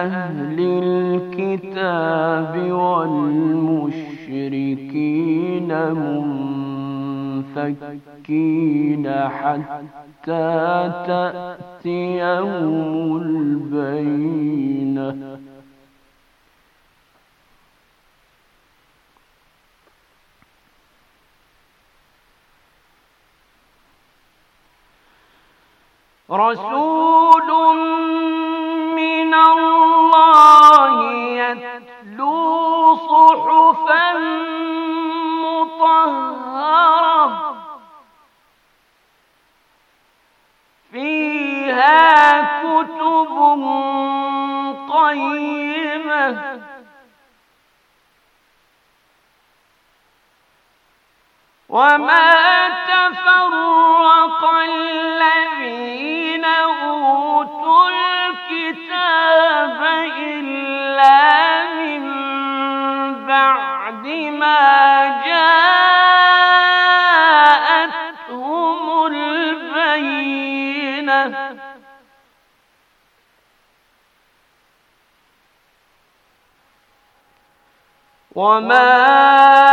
أهل الكتاب والمشركين منفكين حتى تأتيهم البينة رسول من الله فيها كتب وما تفرق الذين اوتوا الكتاب الا وما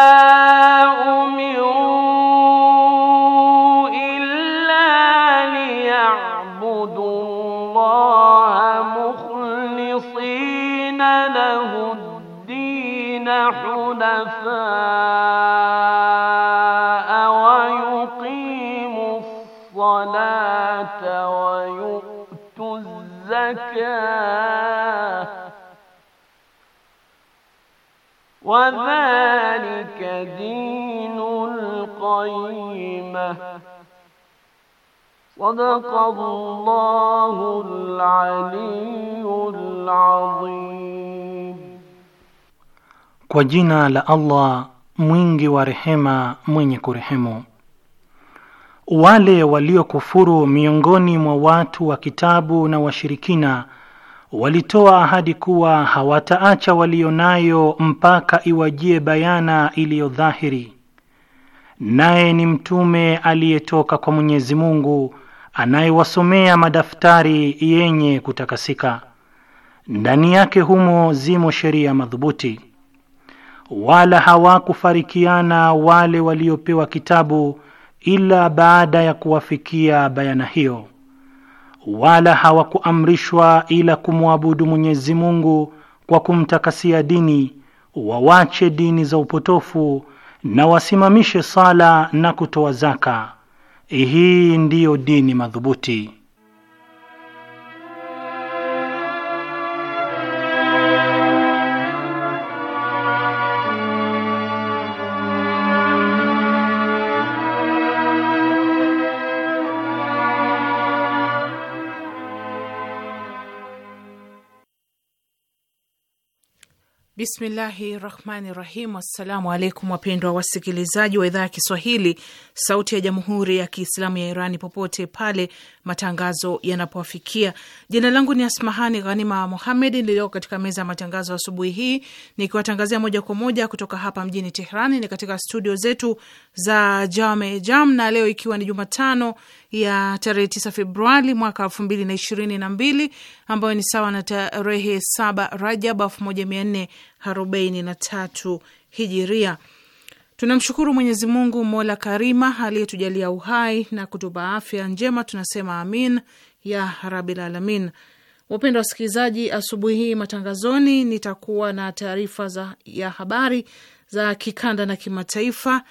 وذلك دين القيمة صدق الله العلي العظيم Kwa jina la Allah mwingi wa rehema mwenye kurehemu wale waliokufuru miongoni mwa watu wa kitabu na washirikina walitoa ahadi kuwa hawataacha nayo mpaka iwajie bayana iliyo dhahiri. Naye ni mtume aliyetoka kwa Mwenyezi Mungu anayewasomea madaftari yenye kutakasika, ndani yake humo zimo sheria madhubuti. Wala hawakufarikiana wale waliopewa kitabu ila baada ya kuwafikia bayana hiyo, wala hawakuamrishwa ila kumwabudu Mwenyezi Mungu kwa kumtakasia dini, wawache dini za upotofu na wasimamishe sala na kutoa zaka. Hii ndiyo dini madhubuti. Bismillahi rahmani rahim. Assalamu alaikum wapendwa wasikilizaji wa idhaa ya Kiswahili sauti ya jamhuri ya Kiislamu ya Irani popote pale matangazo yanapowafikia. Jina langu ni Asmahani Ghanima Muhamed nilioko katika meza ya matangazo asubuhi hii nikiwatangazia moja kwa moja kutoka hapa mjini Tehrani ni katika studio zetu za Jame Jam, na leo ikiwa ni Jumatano ya tarehe tisa Februari mwaka elfu mbili na ishirini na mbili ambayo ni sawa na tarehe saba Rajab elfu moja mia nne arobaini na tatu hijiria. Tunamshukuru Mwenyezi Mungu mola karima aliyetujalia uhai na kutupa afya njema, tunasema amin ya rabil alamin. Wapendwa wasikilizaji, asubuhi hii matangazoni nitakuwa na taarifa ya habari za kikanda na kimataifa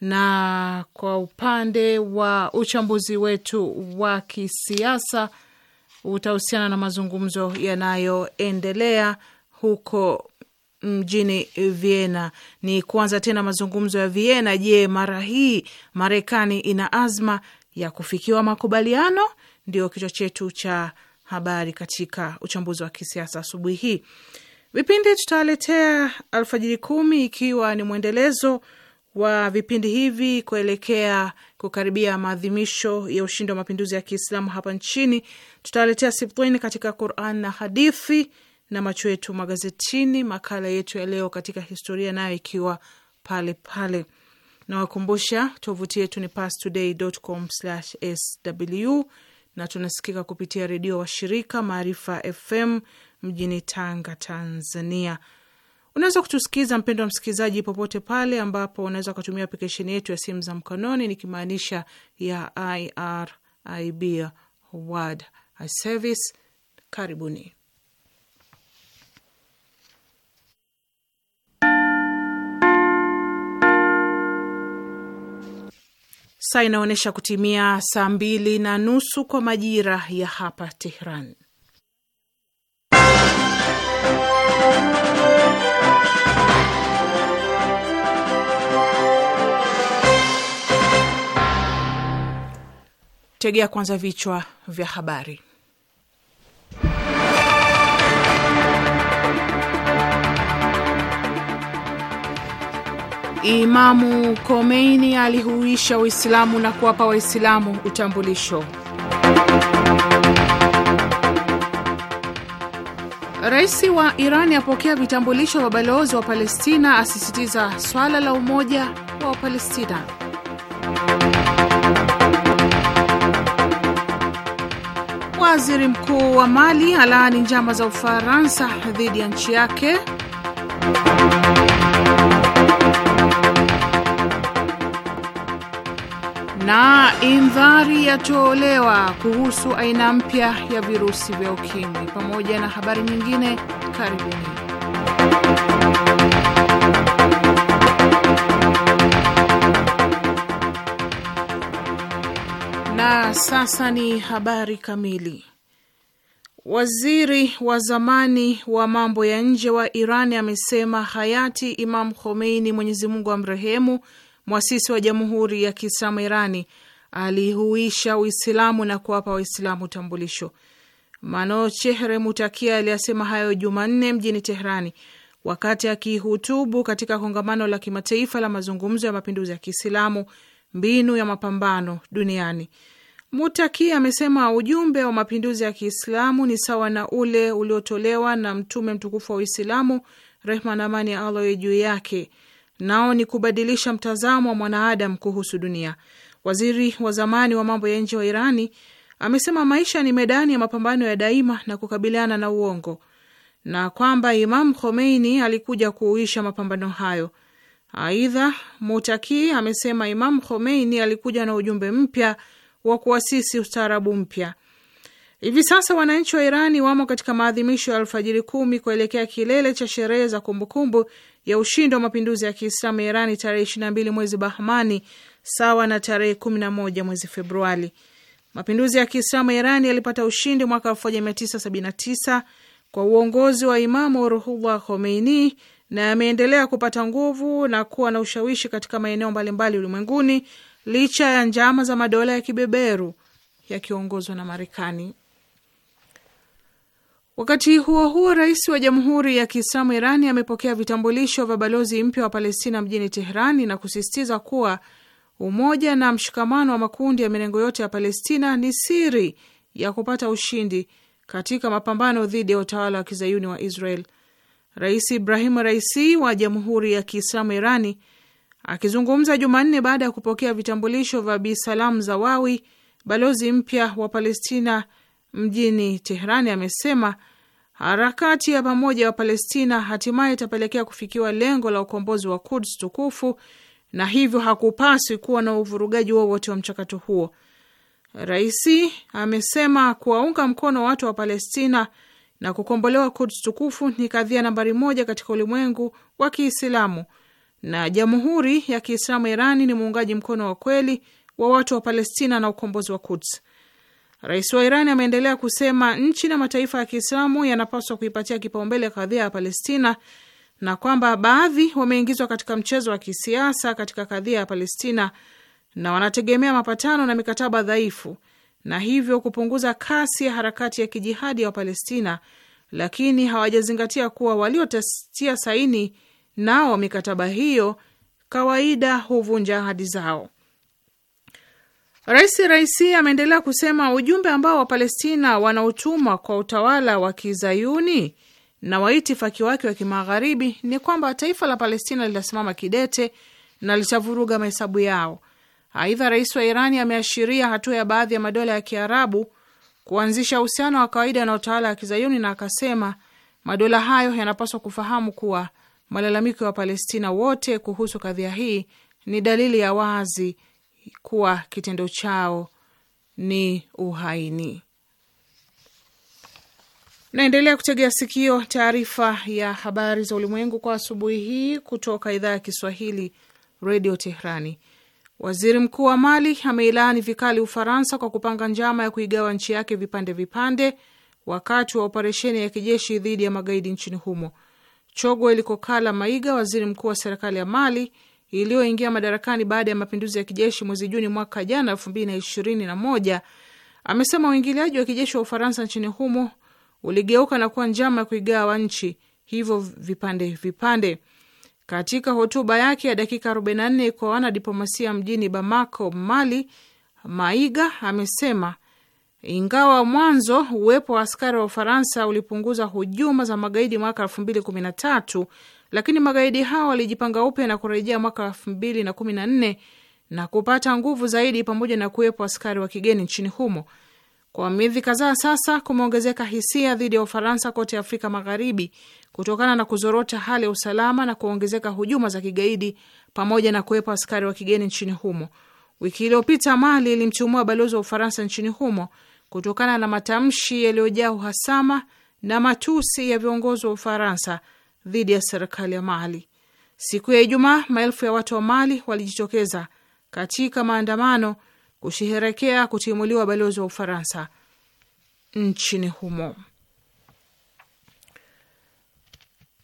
na kwa upande wa uchambuzi wetu wa kisiasa utahusiana na mazungumzo yanayoendelea huko mjini Vienna. Ni kuanza tena mazungumzo ya Vienna. Je, mara hii Marekani ina azma ya kufikiwa makubaliano? Ndio kichwa chetu cha habari katika uchambuzi wa kisiasa asubuhi hii. Vipindi tutawaletea Alfajiri Kumi, ikiwa ni mwendelezo wa vipindi hivi kuelekea kukaribia maadhimisho ya ushindi wa mapinduzi ya Kiislamu hapa nchini, tutawaletea siptini katika Quran na hadithi na macho yetu magazetini, makala yetu ya leo katika historia, nayo ikiwa pale pale. Nawakumbusha tovuti yetu ni pastoday.com/sw na tunasikika kupitia redio washirika Maarifa FM mjini Tanga, Tanzania. Unaweza kutusikiza mpendo wa msikilizaji, popote pale ambapo unaweza ukatumia aplikesheni yetu ya simu za mkononi, nikimaanisha ya IRIB World Service. Karibuni. Saa inaonyesha kutimia saa mbili na nusu kwa majira ya hapa Tehran. Tegea kwanza vichwa vya habari. Imamu Khomeini alihuisha Uislamu na kuwapa Waislamu utambulisho. Rais wa Irani apokea vitambulisho vya balozi wa Palestina, asisitiza swala la umoja wa Wapalestina. Waziri mkuu wa Mali alaani njama za Ufaransa dhidi ya nchi yake. Na indhari yatolewa kuhusu aina mpya ya virusi vya ukimwi, pamoja na habari nyingine. Karibuni. Na sasa ni habari kamili. Waziri wa zamani wa mambo ya nje wa Iran amesema hayati Imam Khomeini, Mwenyezi Mungu amrehemu, mwasisi wa Jamhuri ya Kiislamu Irani, alihuisha Uislamu na kuwapa Waislamu utambulisho. Mano Chehre Mutakia aliyasema hayo Jumanne mjini Teherani wakati akihutubu katika kongamano la kimataifa la mazungumzo ya mapinduzi ya Kiislamu, mbinu ya mapambano duniani. Mutaki amesema ujumbe wa mapinduzi ya Kiislamu ni sawa na ule uliotolewa na Mtume mtukufu wa Uislamu, rehma na amani ya Allah juu yake, nao ni kubadilisha mtazamo wa mwanaadam kuhusu dunia. Waziri wa zamani wa mambo ya nje wa Irani amesema maisha ni medani ya mapambano ya daima na kukabiliana na uongo, na kwamba Imam Khomeini alikuja kuuisha mapambano hayo. Aidha, Mutaki amesema Imam Khomeini alikuja na ujumbe mpya wa kuasisi ustaarabu mpya. Hivi sasa wananchi wa Irani wamo katika maadhimisho ya Alfajiri Kumi kuelekea kilele cha sherehe za kumbukumbu ya ushindi wa mapinduzi ya Kiislamu ya Irani tarehe mbili mwezi Bahmani, sawa na tarehe moja mwezi Februari. Mapinduzi ya Kiislamu ya Irani yalipata ushindi mwaka tisa kwa uongozi wa Imamu Ruhullah Khomeini na yameendelea kupata nguvu na kuwa na ushawishi katika maeneo mbalimbali ulimwenguni licha ya njama za madola ya kibeberu yakiongozwa na Marekani. Wakati huo huo, rais wa Jamhuri ya Kiislamu Irani amepokea vitambulisho vya balozi mpya wa Palestina mjini Teherani na kusisitiza kuwa umoja na mshikamano wa makundi ya mirengo yote ya Palestina ni siri ya kupata ushindi katika mapambano dhidi ya utawala wa kizayuni wa Israel. Rais ibrahimu Raisi wa Jamhuri ya Kiislamu Irani Akizungumza Jumanne baada ya kupokea vitambulisho vya Bi Salam Zawawi, balozi mpya wa Palestina mjini Teherani amesema harakati ya pamoja wa Palestina hatimaye itapelekea kufikiwa lengo la ukombozi wa Kuds tukufu na hivyo hakupaswi kuwa na uvurugaji wowote wa, mchakato huo. Raisi amesema kuwaunga mkono watu wa Palestina na kukombolewa Kuds tukufu ni kadhia nambari moja katika ulimwengu wa Kiislamu na Jamhuri ya Kiislamu Irani ni muungaji mkono wa kweli wa watu wa Palestina na ukombozi wa Kuds. Rais wa Irani ameendelea kusema nchi na mataifa ya Kiislamu yanapaswa kuipatia kipaumbele kadhia ya Palestina na kwamba baadhi wameingizwa katika mchezo wa kisiasa katika kadhia ya Palestina na wanategemea mapatano na mikataba dhaifu na hivyo kupunguza kasi ya harakati ya kijihadi ya Wapalestina, lakini hawajazingatia kuwa waliotastia saini nao mikataba hiyo kawaida huvunja ahadi zao. Rais Raisi ameendelea kusema ujumbe ambao Wapalestina wanaotumwa kwa utawala wa kizayuni na waitifaki wake wa kimagharibi ni kwamba taifa la Palestina litasimama kidete na litavuruga mahesabu yao. Aidha, rais wa Irani ameashiria hatua ya baadhi ya madola ya kiarabu kuanzisha uhusiano wa kawaida na utawala wa kizayuni, na akasema madola hayo yanapaswa kufahamu kuwa Malalamiko ya Wapalestina wote kuhusu kadhia hii ni dalili ya wazi kuwa kitendo chao ni uhaini. Naendelea kutegea sikio taarifa ya habari za ulimwengu kwa asubuhi hii kutoka idhaa ya Kiswahili, Redio Tehrani. Waziri mkuu wa Mali ameilaani vikali Ufaransa kwa kupanga njama ya kuigawa nchi yake vipande vipande wakati wa operesheni ya kijeshi dhidi ya magaidi nchini humo. Chogwa Ilikokala Maiga, waziri mkuu wa serikali ya Mali iliyoingia madarakani baada ya mapinduzi ya kijeshi mwezi Juni mwaka jana elfu mbili na ishirini na moja, amesema uingiliaji wa kijeshi wa Ufaransa nchini humo uligeuka na kuwa njama ya kuigawa nchi hivyo vipande vipande. Katika hotuba yake ya dakika 44 kwa wanadiplomasia mjini Bamako, Mali, Maiga amesema ingawa mwanzo uwepo wa askari wa Ufaransa ulipunguza hujuma za magaidi mwaka elfu mbili kumi na tatu, lakini magaidi hao walijipanga upya na kurejea mwaka elfu mbili na kumi na nne na kupata nguvu zaidi, pamoja na kuwepo askari wa kigeni nchini humo. Kwa miezi kadhaa sasa, kumeongezeka hisia dhidi ya Ufaransa kote Afrika Magharibi kutokana na kuzorota hali ya usalama na kuongezeka hujuma za kigaidi pamoja na kuwepo askari wa kigeni nchini humo. Wiki iliyopita Mali ilimtumua balozi wa Ufaransa nchini humo kutokana na matamshi yaliyojaa uhasama na matusi ya viongozi wa Ufaransa dhidi ya serikali ya Mali. Siku ya Ijumaa, maelfu ya watu wa Mali walijitokeza katika maandamano kusheherekea kutimuliwa balozi wa Ufaransa nchini humo.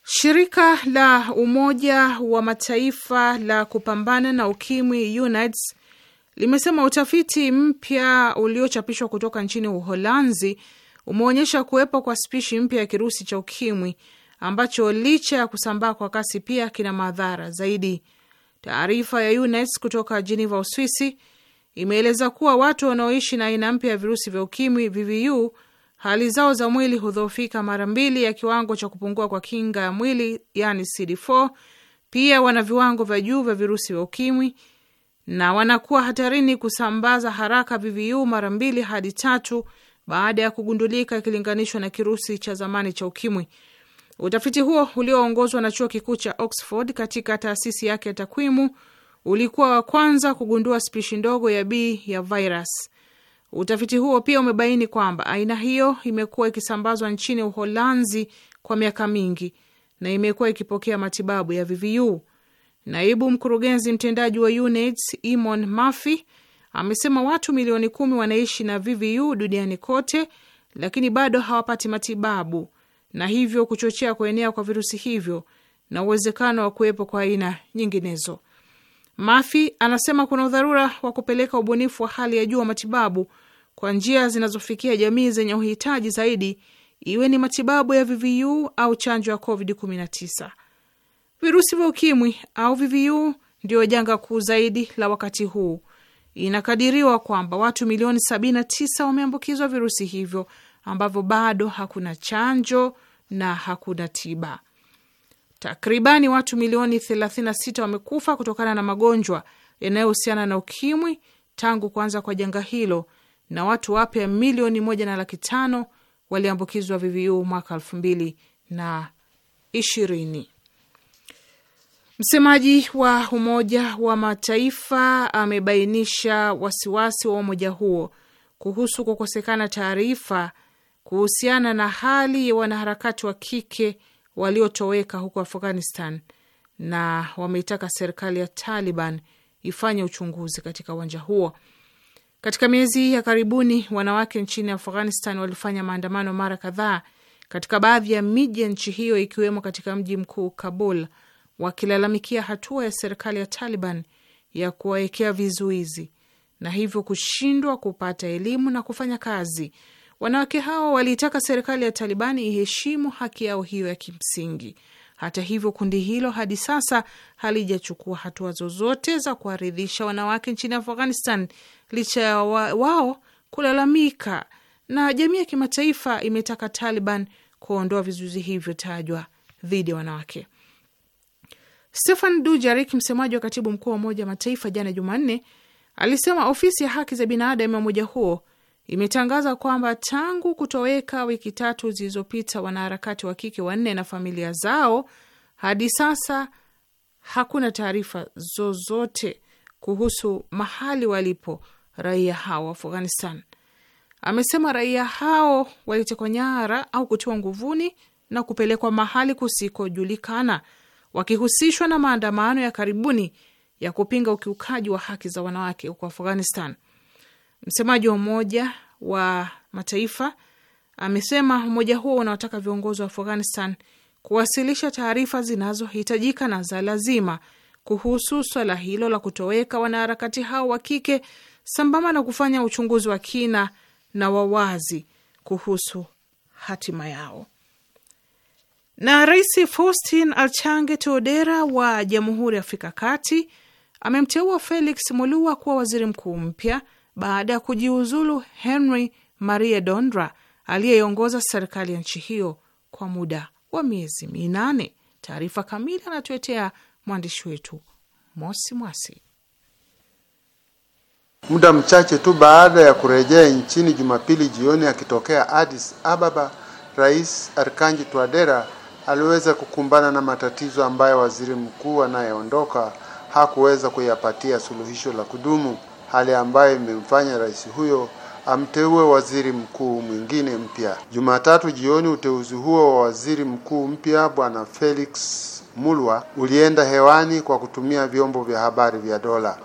Shirika la Umoja wa Mataifa la kupambana na Ukimwi, UNAIDS limesema utafiti mpya uliochapishwa kutoka nchini Uholanzi umeonyesha kuwepo kwa spishi mpya ya kirusi cha ukimwi ambacho licha ya kusambaa kwa kasi pia kina madhara zaidi. Taarifa ya UNAIDS kutoka Geneva, Uswisi imeeleza kuwa watu wanaoishi na aina mpya ya virusi vya ukimwi VVU hali zao za mwili hudhoofika mara mbili ya kiwango cha kupungua kwa kinga ya mwili yani CD4. Pia wana viwango vya juu vya virusi vya ukimwi na wanakuwa hatarini kusambaza haraka VVU mara mbili hadi tatu baada ya kugundulika ikilinganishwa na kirusi cha zamani cha ukimwi. Utafiti huo ulioongozwa na chuo kikuu cha Oxford katika taasisi yake ya takwimu ulikuwa wa kwanza kugundua spishi ndogo ya B ya virus. Utafiti huo pia umebaini kwamba aina hiyo imekuwa ikisambazwa nchini Uholanzi kwa miaka mingi na imekuwa ikipokea matibabu ya VVU. Naibu mkurugenzi mtendaji wa UNAIDS Eamon Murphy amesema watu milioni kumi wanaishi na VVU duniani kote, lakini bado hawapati matibabu na hivyo kuchochea kuenea kwa virusi hivyo na uwezekano wa kuwepo kwa aina nyinginezo. Murphy anasema kuna udharura wa kupeleka ubunifu wa hali ya juu wa matibabu kwa njia zinazofikia jamii zenye uhitaji zaidi, iwe ni matibabu ya VVU au chanjo ya COVID-19. Virusi vya ukimwi au VVU ndio janga kuu zaidi la wakati huu. Inakadiriwa kwamba watu milioni 79 wameambukizwa virusi hivyo ambavyo bado hakuna chanjo na hakuna tiba. Takribani watu milioni 36 wamekufa kutokana na magonjwa yanayohusiana na ukimwi tangu kuanza kwa janga hilo, na watu wapya milioni moja na laki tano waliambukizwa VVU mwaka elfu mbili na ishirini. Msemaji wa Umoja wa Mataifa amebainisha wasiwasi wa umoja huo kuhusu kukosekana taarifa kuhusiana na hali ya wanaharakati wa kike waliotoweka huko Afghanistan, na wameitaka serikali ya Taliban ifanye uchunguzi katika uwanja huo. Katika miezi ya karibuni, wanawake nchini Afghanistan walifanya maandamano mara kadhaa katika baadhi ya miji ya nchi hiyo, ikiwemo katika mji mkuu Kabul wakilalamikia hatua ya serikali ya Taliban ya kuwawekea vizuizi na hivyo kushindwa kupata elimu na kufanya kazi. Wanawake hao waliitaka serikali ya taliban iheshimu haki yao hiyo ya kimsingi. Hata hivyo, kundi hilo hadi sasa halijachukua hatua zozote za kuwaridhisha wanawake nchini Afghanistan licha ya wa, wao kulalamika, na jamii ya kimataifa imetaka Taliban kuondoa vizuizi hivyo tajwa dhidi ya wanawake. Stefan Dujarik, msemaji wa katibu mkuu wa Umoja wa Mataifa, jana Jumanne alisema ofisi ya haki za binadamu ya umoja huo imetangaza kwamba tangu kutoweka wiki tatu zilizopita wanaharakati wa kike wanne na familia zao hadi sasa hakuna taarifa zozote kuhusu mahali walipo raia hao wa Afghanistan. Amesema raia hao walitekwa nyara au kutiwa nguvuni na kupelekwa mahali kusikojulikana wakihusishwa na maandamano ya karibuni ya kupinga ukiukaji wa haki za wanawake huko Afghanistan. Msemaji wa Umoja wa Mataifa amesema umoja huo unaotaka viongozi wa Afghanistan kuwasilisha taarifa zinazohitajika na za lazima kuhusu swala hilo la kutoweka wanaharakati hao wa kike sambamba na kufanya uchunguzi wa kina na wawazi kuhusu hatima yao. Na Rais Faustin Archange Touadera wa Jamhuri ya Afrika Kati amemteua Felix Mulua kuwa waziri mkuu mpya baada ya kujiuzulu Henry Marie Dondra aliyeongoza serikali ya nchi hiyo kwa muda wa miezi minane. Taarifa kamili anatuetea mwandishi wetu Mosi Mwasi. Muda mchache tu baada ya kurejea nchini Jumapili jioni akitokea Addis Ababa, Rais Arkanji Twadera aliweza kukumbana na matatizo ambayo waziri mkuu anayeondoka hakuweza kuyapatia suluhisho la kudumu, hali ambayo imemfanya rais huyo amteue waziri mkuu mwingine mpya. Jumatatu jioni, uteuzi huo wa waziri mkuu mpya Bwana Felix Mulwa ulienda hewani kwa kutumia vyombo vya habari vya dola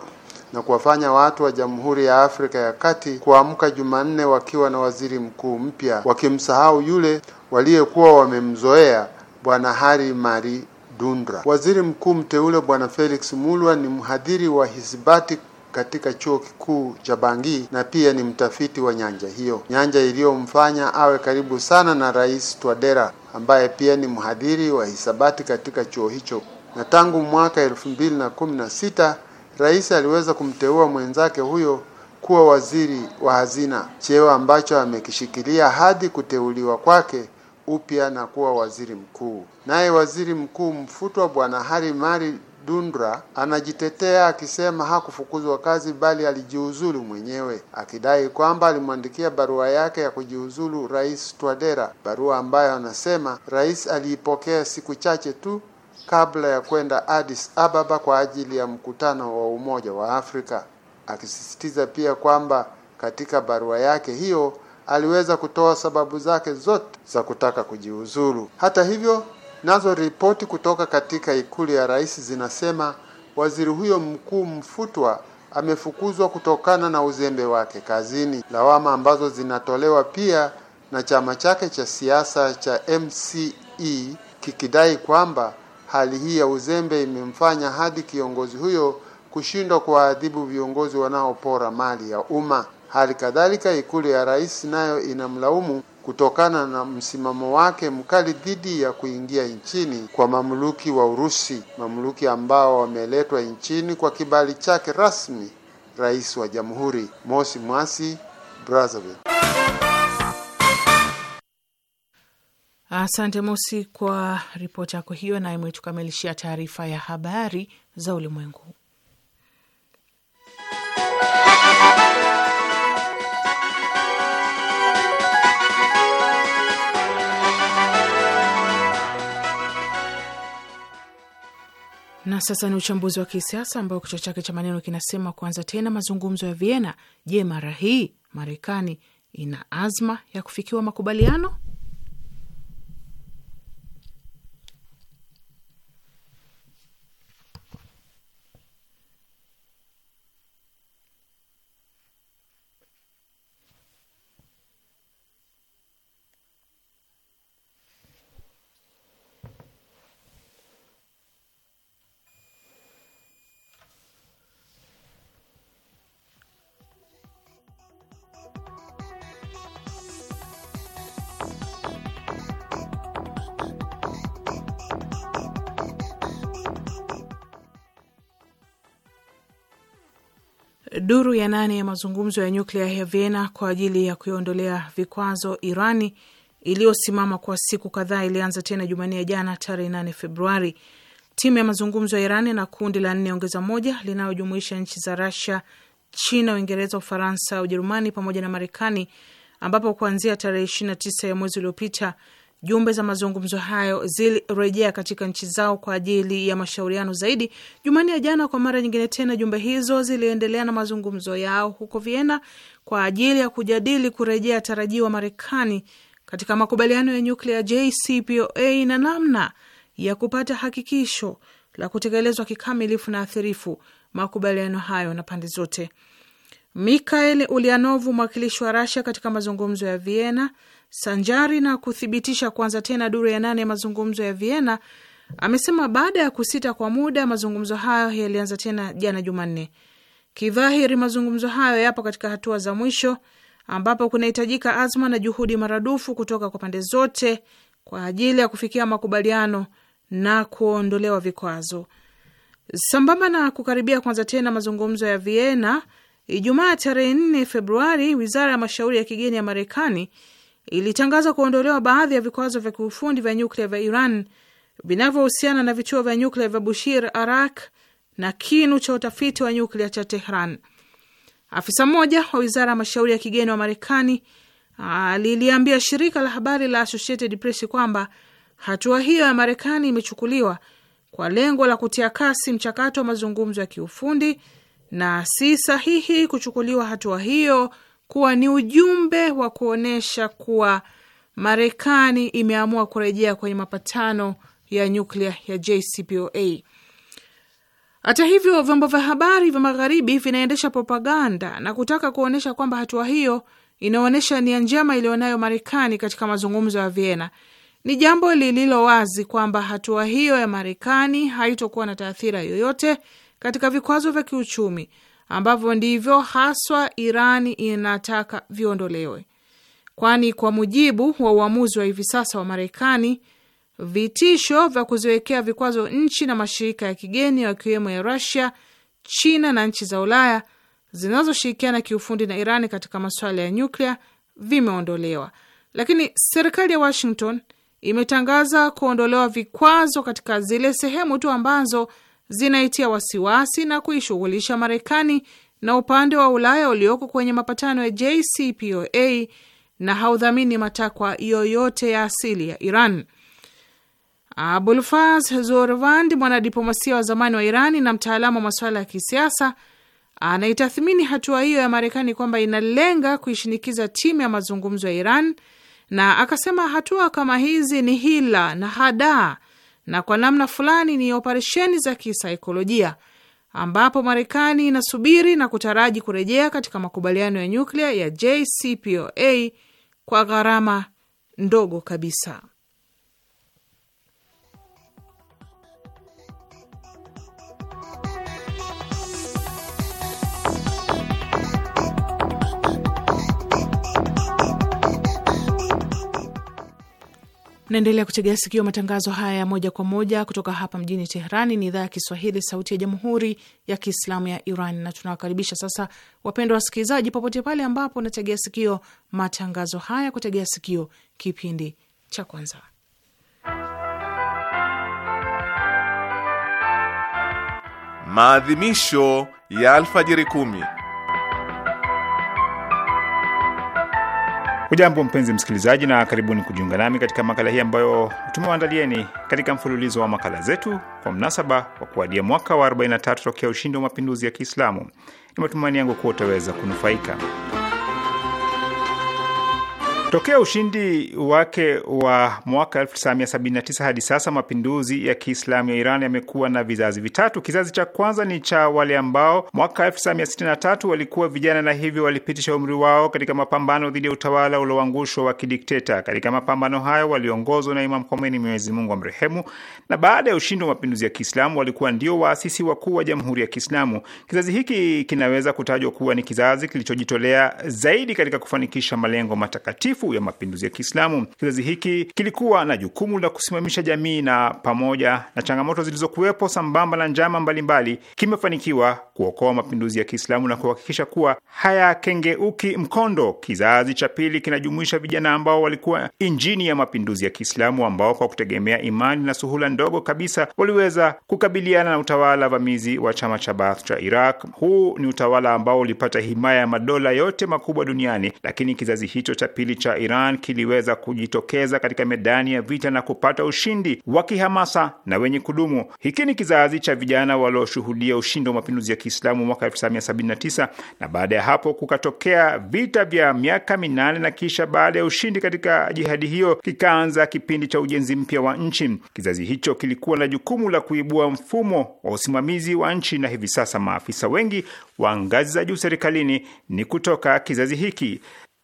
na kuwafanya watu wa Jamhuri ya Afrika ya Kati kuamka Jumanne wakiwa na waziri mkuu mpya, wakimsahau yule waliyekuwa wamemzoea Bwana Hari Mari Dundra. Waziri mkuu mteule Bwana Felix Mulwa ni mhadhiri wa hisabati katika chuo kikuu cha Bangi na pia ni mtafiti wa nyanja hiyo, nyanja iliyomfanya awe karibu sana na Rais Twadera ambaye pia ni mhadhiri wa hisabati katika chuo hicho, na tangu mwaka elfu mbili na kumi na sita rais aliweza kumteua mwenzake huyo kuwa waziri wa hazina, cheo ambacho amekishikilia hadi kuteuliwa kwake upya na kuwa waziri mkuu. Naye waziri mkuu mfutwa Bwana hari mari Dundra anajitetea akisema hakufukuzwa kazi bali alijiuzulu mwenyewe, akidai kwamba alimwandikia barua yake ya kujiuzulu Rais Twadera, barua ambayo anasema rais aliipokea siku chache tu kabla ya kwenda Addis Ababa kwa ajili ya mkutano wa Umoja wa Afrika, akisisitiza pia kwamba katika barua yake hiyo aliweza kutoa sababu zake zote za kutaka kujiuzulu. Hata hivyo, nazo ripoti kutoka katika ikulu ya rais zinasema waziri huyo mkuu Mfutwa amefukuzwa kutokana na uzembe wake kazini, lawama ambazo zinatolewa pia na chama chake cha siasa cha MCE kikidai kwamba hali hii ya uzembe imemfanya hadi kiongozi huyo kushindwa kuwaadhibu viongozi wanaopora mali ya umma. Hali kadhalika ikulu ya rais nayo inamlaumu kutokana na msimamo wake mkali dhidi ya kuingia nchini kwa mamluki wa Urusi, mamluki ambao wameletwa nchini kwa kibali chake rasmi rais wa jamhuri. Mosi Mwasi, Brazzaville. Asante Mosi kwa ripoti yako hiyo, na imetukamilishia taarifa ya habari za ulimwengu. Na sasa ni uchambuzi wa kisiasa ambao kichwa chake cha maneno kinasema kuanza tena mazungumzo ya Vienna. Je, mara hii Marekani ina azma ya kufikiwa makubaliano? Duru ya nane ya mazungumzo ya nyuklia ya Vienna kwa ajili ya kuiondolea vikwazo Irani iliyosimama kwa siku kadhaa ilianza tena Jumanne ya jana tarehe nane Februari. Timu ya mazungumzo ya Irani na kundi la nne ongeza moja linalojumuisha nchi za Rasia, China, Uingereza, Ufaransa, Ujerumani pamoja na Marekani, ambapo kuanzia tarehe tisa ya mwezi uliopita Jumbe za mazungumzo hayo zilirejea katika nchi zao kwa ajili ya mashauriano zaidi Jumanne ya jana. Kwa mara nyingine tena, jumbe hizo ziliendelea na mazungumzo yao huko Vienna kwa ajili ya kujadili kurejea tarajiwa Marekani katika makubaliano ya nyuklia JCPOA na namna ya kupata hakikisho la kutekelezwa kikamilifu na athirifu makubaliano hayo na pande zote. Mikhail Ulianovu, mwakilishi wa Rasia katika mazungumzo ya Vienna, sanjari na kuthibitisha kuanza tena duru ya nane ya mazungumzo ya Vienna. Amesema baada ya kusita kwa muda, mazungumzo hayo yalianza tena jana Jumanne. Kidhahiri, mazungumzo hayo yapo katika hatua za mwisho ambapo kunahitajika azma na juhudi maradufu kutoka kwa pande zote kwa ajili ya kufikia makubaliano na kuondolewa vikwazo. Sambamba na kukaribia kwanza tena mazungumzo ya Vienna, Ijumaa tarehe 4 Februari, wizara ya mashauri ya kigeni ya Marekani ilitangaza kuondolewa baadhi ya vikwazo vya kiufundi vya nyuklia vya Iran vinavyohusiana na vituo vya nyuklia vya Bushir, Arak na kinu cha utafiti wa nyuklia cha Tehran. Afisa mmoja wa wizara ya mashauri ya kigeni wa Marekani ah, aliliambia shirika la habari la Associated Press kwamba hatua hiyo ya Marekani imechukuliwa kwa lengo la kutia kasi mchakato wa mazungumzo ya kiufundi na si sahihi kuchukuliwa hatua hiyo kuwa ni ujumbe wa kuonyesha kuwa Marekani imeamua kurejea kwenye mapatano ya nyuklia ya JCPOA. Hata hivyo, vyombo vya habari vya magharibi vinaendesha propaganda na kutaka kuonyesha kwamba hatua hiyo inaonyesha nia njema iliyonayo Marekani katika mazungumzo ya Vienna. Ni jambo lililo wazi kwamba hatua hiyo ya Marekani haitokuwa na taathira yoyote katika vikwazo vya kiuchumi ambavyo ndivyo haswa Irani inataka viondolewe, kwani kwa mujibu wa uamuzi wa hivi sasa wa Marekani, vitisho vya kuziwekea vikwazo nchi na mashirika ya kigeni yakiwemo ya Rusia, China na nchi za Ulaya zinazoshirikiana kiufundi na Irani katika masuala ya nyuklia vimeondolewa, lakini serikali ya Washington imetangaza kuondolewa vikwazo katika zile sehemu tu ambazo zinaitia wasiwasi na kuishughulisha Marekani na upande wa Ulaya ulioko kwenye mapatano ya JCPOA na haudhamini matakwa yoyote ya asili ya Iran. Abulfaz Zorvand, mwanadiplomasia wa zamani wa Irani na mtaalamu wa masuala ya kisiasa, anaitathmini hatua hiyo ya Marekani kwamba inalenga kuishinikiza timu ya mazungumzo ya Iran, na akasema hatua kama hizi ni hila na hadaa na kwa namna fulani ni operesheni za kisaikolojia ambapo Marekani inasubiri na kutaraji kurejea katika makubaliano ya nyuklia ya JCPOA kwa gharama ndogo kabisa. Naendelea kutegea sikio matangazo haya ya moja kwa moja kutoka hapa mjini Teherani. Ni idhaa ya Kiswahili, sauti ya jamhuri ya kiislamu ya Iran, na tunawakaribisha sasa, wapendwa wasikilizaji, popote pale ambapo unategea sikio matangazo haya, kutegea sikio kipindi cha kwanza maadhimisho ya alfajiri kumi ujambo mpenzi msikilizaji, na karibuni kujiunga nami katika makala hii ambayo tumewaandalieni katika mfululizo wa makala zetu kwa mnasaba wa kuadia mwaka wa 43 tokea ushindi wa mapinduzi ya Kiislamu. Ni matumaini yangu kuwa utaweza kunufaika. Tokea ushindi wake wa mwaka 1979 hadi sasa, mapinduzi ya Kiislamu ya Iran yamekuwa na vizazi vitatu. Kizazi cha kwanza ni cha wale ambao mwaka 1963 walikuwa vijana na hivyo walipitisha umri wao katika mapambano dhidi ya utawala ulioangushwa wa kidikteta. Katika mapambano hayo waliongozwa na Imam Khomeini, Mwenyezi Mungu amrehemu, na baada ya ushindi wa mapinduzi ya Kiislamu walikuwa ndio waasisi wakuu wa Jamhuri ya Kiislamu. Kizazi hiki kinaweza kutajwa kuwa ni kizazi kilichojitolea zaidi katika kufanikisha malengo matakatifu takatifu ya mapinduzi ya Kiislamu. Kizazi hiki kilikuwa na jukumu la kusimamisha jamii na pamoja na changamoto zilizokuwepo sambamba na njama mbalimbali, kimefanikiwa kuokoa mapinduzi ya Kiislamu na kuhakikisha kuwa hayakengeuki mkondo. Kizazi cha pili kinajumuisha vijana ambao walikuwa injini ya mapinduzi ya Kiislamu, ambao kwa kutegemea imani na suhula ndogo kabisa waliweza kukabiliana na utawala vamizi wa chama cha Baath cha Iraq. Huu ni utawala ambao ulipata himaya ya madola yote makubwa duniani, lakini kizazi hicho cha pili cha cha Iran kiliweza kujitokeza katika medani ya vita na kupata ushindi wa kihamasa na wenye kudumu. Hiki ni kizazi cha vijana walioshuhudia ushindi wa mapinduzi ya Kiislamu mwaka 1979 na baada ya hapo kukatokea vita vya miaka minane na kisha baada ya ushindi katika jihadi hiyo kikaanza kipindi cha ujenzi mpya wa nchi. Kizazi hicho kilikuwa na jukumu la kuibua mfumo wa usimamizi wa nchi, na hivi sasa maafisa wengi wa ngazi za juu serikalini ni kutoka kizazi hiki.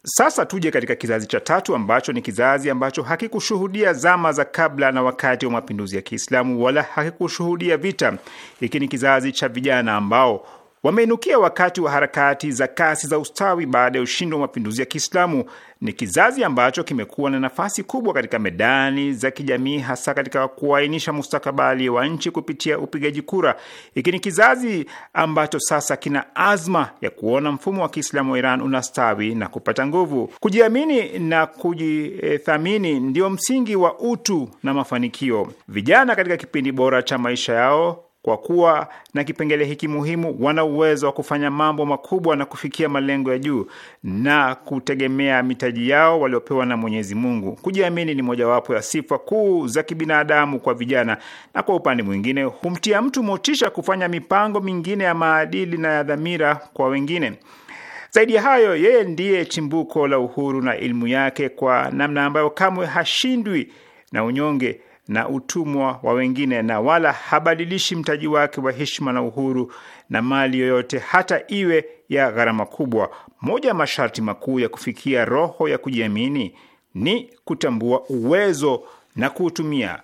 Sasa tuje katika kizazi cha tatu ambacho ni kizazi ambacho hakikushuhudia zama za kabla na wakati wa mapinduzi ya Kiislamu wala hakikushuhudia vita. Hiki ni kizazi cha vijana ambao wameinukia wakati wa harakati za kasi za ustawi baada ya ushindi wa mapinduzi ya Kiislamu. Ni kizazi ambacho kimekuwa na nafasi kubwa katika medani za kijamii, hasa katika kuainisha mustakabali wa nchi kupitia upigaji kura. Hiki ni kizazi ambacho sasa kina azma ya kuona mfumo wa Kiislamu wa Iran unastawi na kupata nguvu. Kujiamini na kujithamini ndio msingi wa utu na mafanikio. Vijana katika kipindi bora cha maisha yao kwa kuwa na kipengele hiki muhimu, wana uwezo wa kufanya mambo makubwa na kufikia malengo ya juu na kutegemea mitaji yao waliopewa na Mwenyezi Mungu. Kujiamini ni mojawapo ya sifa kuu za kibinadamu kwa vijana, na kwa upande mwingine humtia mtu motisha kufanya mipango mingine ya maadili na ya dhamira kwa wengine. Zaidi ya hayo, yeye ndiye chimbuko la uhuru na elimu yake, kwa namna ambayo kamwe hashindwi na unyonge na utumwa wa wengine na wala habadilishi mtaji wake wa heshima na uhuru na mali yoyote hata iwe ya gharama kubwa. Moja ya masharti makuu ya kufikia roho ya kujiamini ni kutambua uwezo na kuutumia.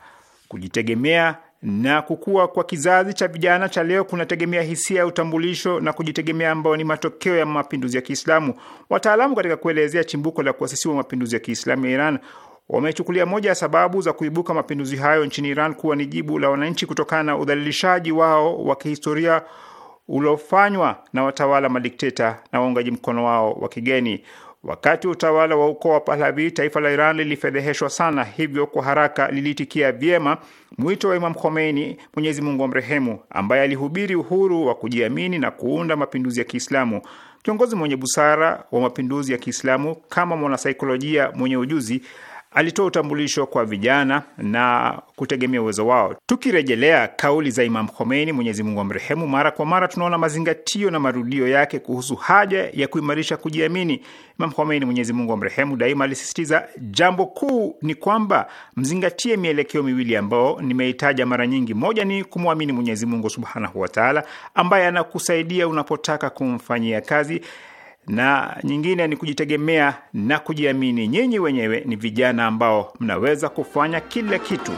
Kujitegemea na kukua kwa kizazi cha vijana cha leo kunategemea hisia ya utambulisho na kujitegemea ambayo ni matokeo ya mapinduzi ya Kiislamu. Wataalamu katika kuelezea chimbuko la kuasisiwa mapinduzi ya Kiislamu ya Iran wamechukulia moja ya sababu za kuibuka mapinduzi hayo nchini Iran kuwa ni jibu la wananchi kutokana na udhalilishaji wao wa kihistoria uliofanywa na watawala madikteta na waungaji mkono wao wa kigeni. Wakati wa utawala wa ukoo wa Pahlavi, taifa la Iran lilifedheheshwa sana, hivyo kwa haraka liliitikia vyema mwito wa Imam Khomeini, Mwenyezi Mungu amrehemu, ambaye alihubiri uhuru wa kujiamini na kuunda mapinduzi ya Kiislamu. Kiongozi mwenye busara wa mapinduzi ya Kiislamu, kama mwanasaikolojia mwenye ujuzi alitoa utambulisho kwa vijana na kutegemea uwezo wao. Tukirejelea kauli za Imam Khomeini, Mwenyezi Mungu amrehemu, mara kwa mara tunaona mazingatio na marudio yake kuhusu haja ya kuimarisha kujiamini. Imam Khomeini, Mwenyezi Mungu amrehemu, daima alisisitiza jambo kuu ni kwamba mzingatie mielekeo miwili ambayo nimeitaja mara nyingi. Moja ni kumwamini Mwenyezi Mungu subhanahu wataala, ambaye anakusaidia unapotaka kumfanyia kazi na nyingine ni kujitegemea na kujiamini. Nyinyi wenyewe ni vijana ambao mnaweza kufanya kila kitu.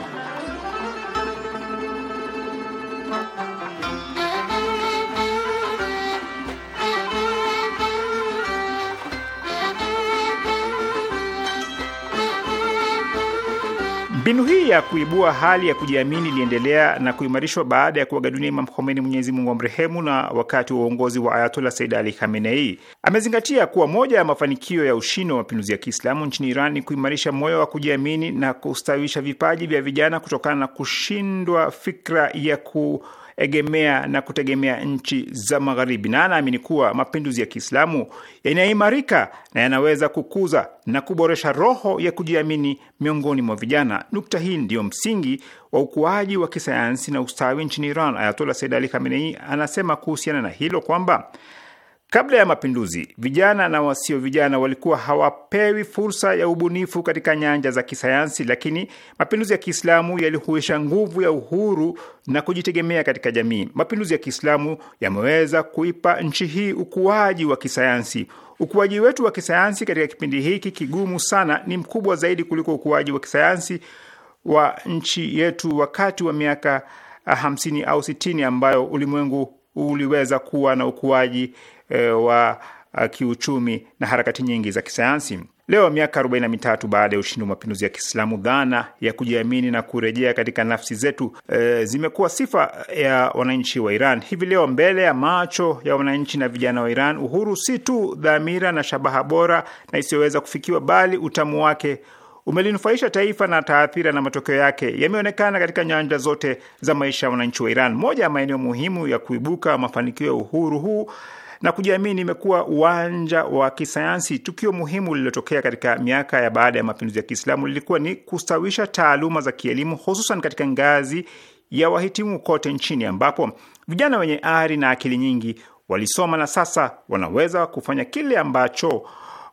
Mbinu hii ya kuibua hali ya kujiamini iliendelea na kuimarishwa baada ya kuaga dunia Imam Khomeini, Mwenyezi Mungu amrehemu, na wakati wa uongozi wa Ayatollah Said Ali Khamenei. Amezingatia kuwa moja ya mafanikio ya ushindi wa mapinduzi ya Kiislamu nchini Iran ni kuimarisha moyo wa kujiamini na kustawisha vipaji vya vijana kutokana na kushindwa fikra ya ku egemea na kutegemea nchi za Magharibi, na anaamini kuwa mapinduzi ya Kiislamu yanaimarika na yanaweza kukuza na kuboresha roho ya kujiamini miongoni mwa vijana. Nukta hii ndiyo msingi wa ukuaji wa kisayansi na ustawi nchini Iran. Ayatola Said Ali Khamenei anasema kuhusiana na hilo kwamba Kabla ya mapinduzi, vijana na wasio vijana walikuwa hawapewi fursa ya ubunifu katika nyanja za kisayansi, lakini mapinduzi ya Kiislamu yalihuisha nguvu ya uhuru na kujitegemea katika jamii. Mapinduzi ya Kiislamu yameweza kuipa nchi hii ukuaji wa kisayansi. Ukuaji wetu wa kisayansi katika kipindi hiki kigumu sana ni mkubwa zaidi kuliko ukuaji wa kisayansi wa nchi yetu wakati wa miaka 50 au 60 ambayo ulimwengu uliweza kuwa na ukuaji E, wa kiuchumi na harakati nyingi za kisayansi. Leo miaka 43 baada ya ushindi wa mapinduzi ya Kiislamu, dhana ya kujiamini na kurejea katika nafsi zetu e, zimekuwa sifa ya wananchi wa Iran. Hivi leo mbele ya macho ya wananchi na vijana wa Iran, uhuru si tu dhamira na shabaha bora na isiyoweza kufikiwa, bali utamu wake umelinufaisha taifa na taathira na matokeo yake yameonekana katika nyanja zote za maisha ya wananchi wa Iran. Moja ya maeneo muhimu ya kuibuka mafanikio ya uhuru huu na kujiamini imekuwa uwanja wa kisayansi. Tukio muhimu lililotokea katika miaka ya baada ya mapinduzi ya Kiislamu lilikuwa ni kustawisha taaluma za kielimu, hususan katika ngazi ya wahitimu kote nchini, ambapo vijana wenye ari na akili nyingi walisoma na sasa wanaweza kufanya kile ambacho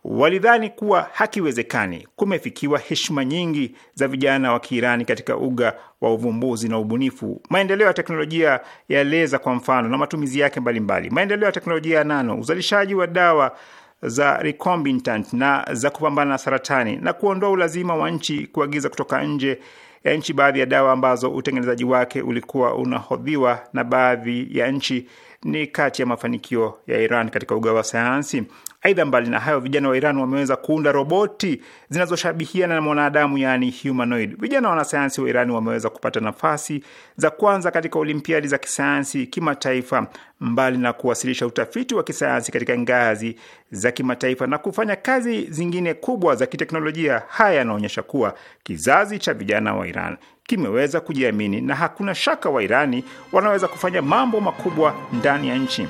walidhani kuwa hakiwezekani. Kumefikiwa heshima nyingi za vijana wa Kiirani katika uga wa uvumbuzi na ubunifu. Maendeleo ya teknolojia ya leza kwa mfano na matumizi yake mbalimbali, maendeleo ya teknolojia ya nano, uzalishaji wa dawa za recombinant na za kupambana na saratani na kuondoa ulazima wa nchi kuagiza kutoka nje ya nchi baadhi ya dawa ambazo utengenezaji wake ulikuwa unahodhiwa na baadhi ya nchi ni kati ya mafanikio ya Iran katika uga wa sayansi. Aidha, mbali na hayo, vijana wa Iran wameweza kuunda roboti zinazoshabihiana na mwanadamu, yani humanoid. Vijana wanasayansi wa Iran wameweza kupata nafasi za kwanza katika olimpiadi za kisayansi kimataifa, mbali na kuwasilisha utafiti wa kisayansi katika ngazi za kimataifa na kufanya kazi zingine kubwa za kiteknolojia. Haya yanaonyesha kuwa kizazi cha vijana wa Iran kimeweza kujiamini na hakuna shaka wa irani wanaweza kufanya mambo makubwa ndani ya nchi.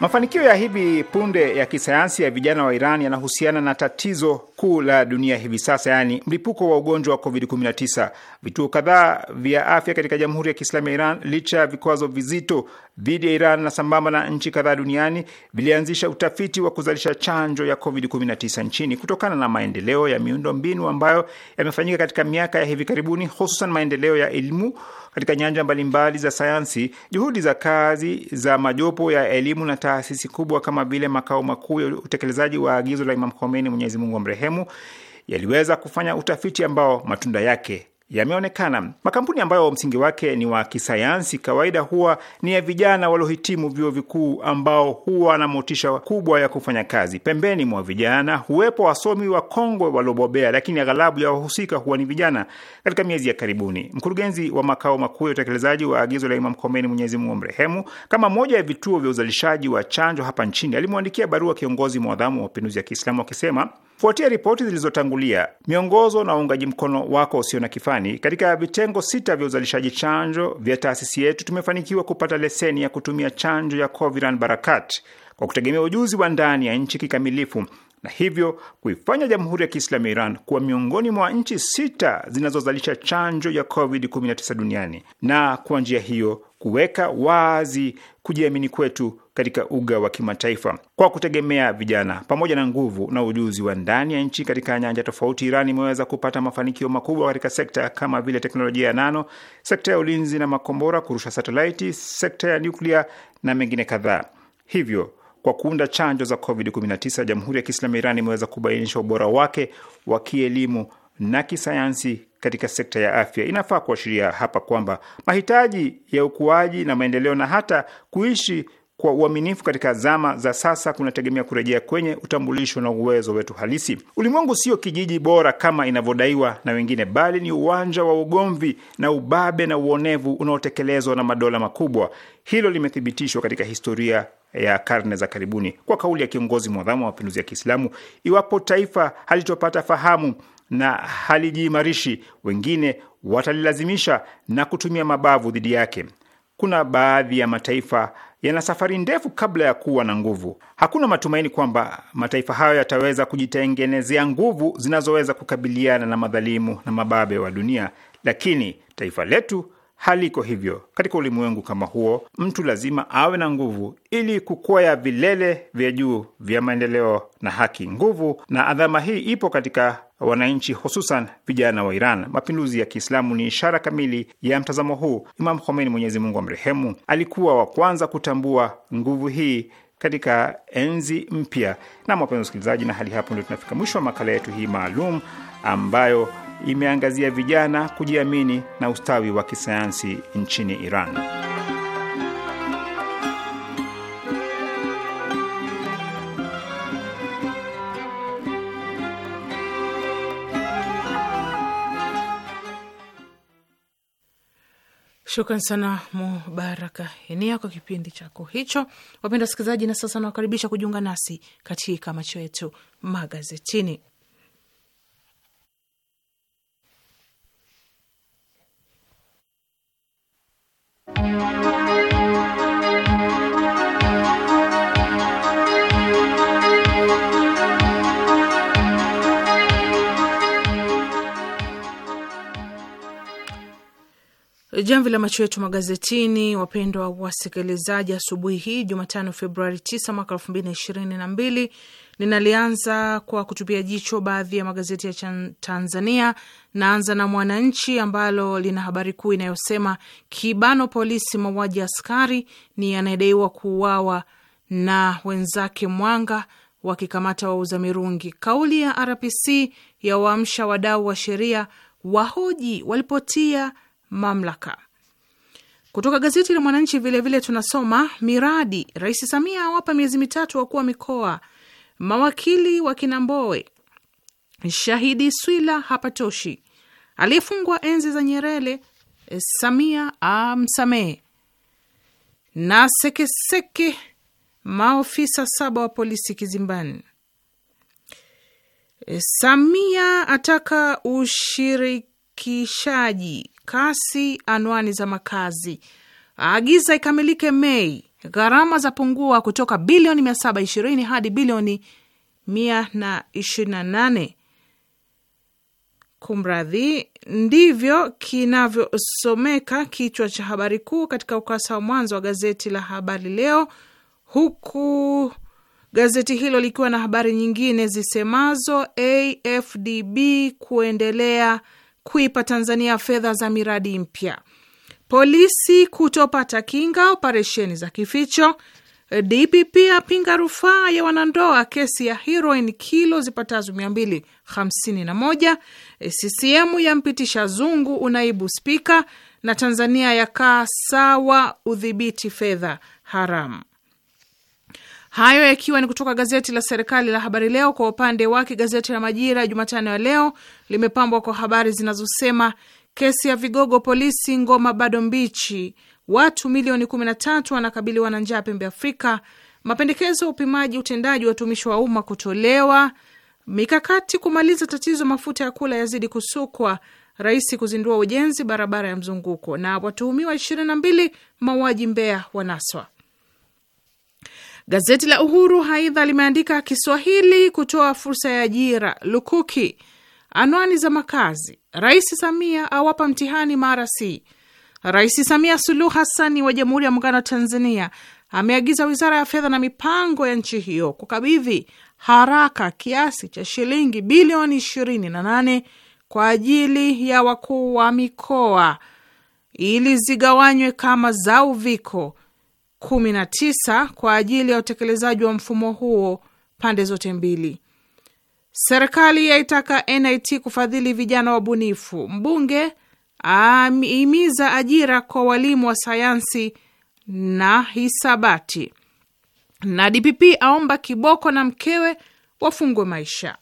Mafanikio ya hivi punde ya kisayansi ya vijana wa Iran yanahusiana na tatizo kuu la dunia hivi sasa, yaani mlipuko wa ugonjwa wa COVID-19. Vituo kadhaa vya afya katika Jamhuri ya Kiislamu ya Iran, licha ya vikwazo vizito dhidi ya Iran na sambamba na nchi kadhaa duniani vilianzisha utafiti wa kuzalisha chanjo ya COVID-19 nchini kutokana na maendeleo ya miundo mbinu ambayo yamefanyika katika miaka ya hivi karibuni, hususan maendeleo ya elimu katika nyanja mbalimbali za sayansi. Juhudi za kazi za majopo ya elimu na taasisi kubwa kama vile makao makuu ya utekelezaji wa agizo la Imam Khomeini, Mwenyezi Mungu amrehemu, yaliweza kufanya utafiti ambao matunda yake yameonekana. Makampuni ambayo msingi wake ni wa kisayansi kawaida huwa ni ya vijana waliohitimu vyuo vikuu ambao huwa na motisha kubwa ya kufanya kazi. Pembeni mwa vijana huwepo wasomi wa kongwe waliobobea, lakini aghalabu ya wahusika huwa ni vijana. Katika miezi ya karibuni, mkurugenzi wa makao makuu ya utekelezaji wa agizo la Imam Khomeini, Mwenyezi Mungu amrehemu, kama moja ya vituo vya uzalishaji wa chanjo hapa nchini alimwandikia barua kiongozi mwadhamu wa mapinduzi ya Kiislamu akisema, fuatia ripoti zilizotangulia, miongozo na uungaji mkono wako usio na kifani Marekani. Katika vitengo sita vya uzalishaji chanjo vya taasisi yetu tumefanikiwa kupata leseni ya kutumia chanjo ya Coviran Barakat kwa kutegemea ujuzi wa ndani ya nchi kikamilifu na hivyo kuifanya Jamhuri ya Kiislamu ya Iran kuwa miongoni mwa nchi sita zinazozalisha chanjo ya COVID-19 duniani na kwa njia hiyo kuweka wazi kujiamini kwetu katika uga wa kimataifa kwa kutegemea vijana pamoja na nguvu na ujuzi wa ndani ya nchi katika nyanja tofauti. Iran imeweza kupata mafanikio makubwa katika sekta kama vile teknolojia ya nano, sekta ya ulinzi na makombora, kurusha satelaiti, sekta ya nyuklia na mengine kadhaa. Hivyo kwa kuunda chanjo za COVID-19, Jamhuri ya Kiislamu ya Iran imeweza kubainisha ubora wake wa kielimu na kisayansi katika sekta ya afya. Inafaa kuashiria hapa kwamba mahitaji ya ukuaji na maendeleo na hata kuishi kwa uaminifu katika zama za sasa kunategemea kurejea kwenye utambulisho na uwezo wetu halisi. Ulimwengu sio kijiji bora kama inavyodaiwa na wengine, bali ni uwanja wa ugomvi na ubabe na uonevu unaotekelezwa na madola makubwa. Hilo limethibitishwa katika historia ya karne za karibuni. Kwa kauli ya kiongozi mwadhamu wa mapinduzi ya Kiislamu, iwapo taifa halitopata fahamu na halijiimarishi, wengine watalilazimisha na kutumia mabavu dhidi yake. Kuna baadhi ya mataifa yana safari ndefu kabla ya kuwa na nguvu. Hakuna matumaini kwamba mataifa hayo yataweza kujitengenezea nguvu zinazoweza kukabiliana na madhalimu na mababe wa dunia, lakini taifa letu haliko hivyo. Katika ulimwengu kama huo, mtu lazima awe na nguvu ili kukwea vilele vya juu vya maendeleo na haki. Nguvu na adhama hii ipo katika wananchi, hususan vijana wa Iran. Mapinduzi ya Kiislamu ni ishara kamili ya mtazamo huu. Imam Khomeini, Mwenyezi Mungu amrehemu, alikuwa wa kwanza kutambua nguvu hii katika enzi mpya. Na wapenzi wasikilizaji, na hali hapo ndio tunafika mwisho wa makala yetu hii maalum ambayo imeangazia vijana kujiamini na ustawi wa kisayansi nchini Iran. Shukran sana Mubaraka Enia kwa kipindi chako hicho. Wapenda wasikilizaji, na sasa nawakaribisha kujiunga nasi katika macho yetu magazetini. Thank you. Jamvi la macho yetu magazetini, wapendwa wasikilizaji, asubuhi hii Jumatano Februari 9 mwaka 2022 ninalianza kwa kutupia jicho baadhi ya magazeti ya Tanzania. Naanza na Mwananchi ambalo lina habari kuu inayosema kibano polisi mauaji askari, ni anayedaiwa kuuawa na wenzake Mwanga wakikamata wauza mirungi. Kauli ya RPC ya waamsha wadau wa sheria wahoji walipotia mamlaka. Kutoka gazeti la Mwananchi vilevile tunasoma miradi, Rais Samia awapa miezi mitatu wakuu wa mikoa, mawakili wa Kinamboe, shahidi Swila hapatoshi, aliyefungwa enzi za Nyerere Samia amsamehe, na sekeseke maofisa saba wa polisi kizimbani. Samia ataka ushirikishaji kasi anwani za makazi, agiza ikamilike Mei, gharama za pungua kutoka bilioni 720 hadi bilioni 128. Kumradhi, ndivyo kinavyosomeka kichwa cha habari kuu katika ukurasa wa mwanzo wa gazeti la Habari Leo, huku gazeti hilo likiwa na habari nyingine zisemazo AFDB kuendelea kuipa Tanzania fedha za miradi mpya, polisi kutopata kinga operesheni za kificho, DPP apinga rufaa ya wanandoa kesi ya heroin kilo zipatazo 251, CCM yampitisha Zungu unaibu spika, na Tanzania yakaa sawa udhibiti fedha haramu. Hayo yakiwa ni kutoka gazeti la serikali la Habari Leo. Kwa upande wake, gazeti la Majira Jumatano ya leo limepambwa kwa habari zinazosema kesi ya vigogo polisi, ngoma bado mbichi, watu milioni 13 wanakabiliwa na njaa pembe Afrika, mapendekezo ya upimaji utendaji wa wa umma kutolewa, mikakati kumaliza tatizo mafuta ya kula yazidi kusukwa, rais kuzindua ujenzi barabara ya mzunguko, na watuhumiwa 22 mauaji Mbeya wanaswa. Gazeti la Uhuru aidha limeandika Kiswahili kutoa fursa ya ajira lukuki, anwani za makazi, Rais Samia awapa mtihani marasi. Rais Samia Suluhu Hassan wa Jamhuri ya Muungano wa Tanzania ameagiza Wizara ya Fedha na Mipango ya nchi hiyo kukabidhi haraka kiasi cha shilingi bilioni 28 kwa ajili ya wakuu wa mikoa ili zigawanywe kama za uviko tisa kwa ajili ya utekelezaji wa mfumo huo pande zote mbili. Serikali yaitaka NIT kufadhili vijana wabunifu. Mbunge ahimiza ajira kwa walimu wa sayansi na hisabati, na DPP aomba kiboko na mkewe wafungwe maisha.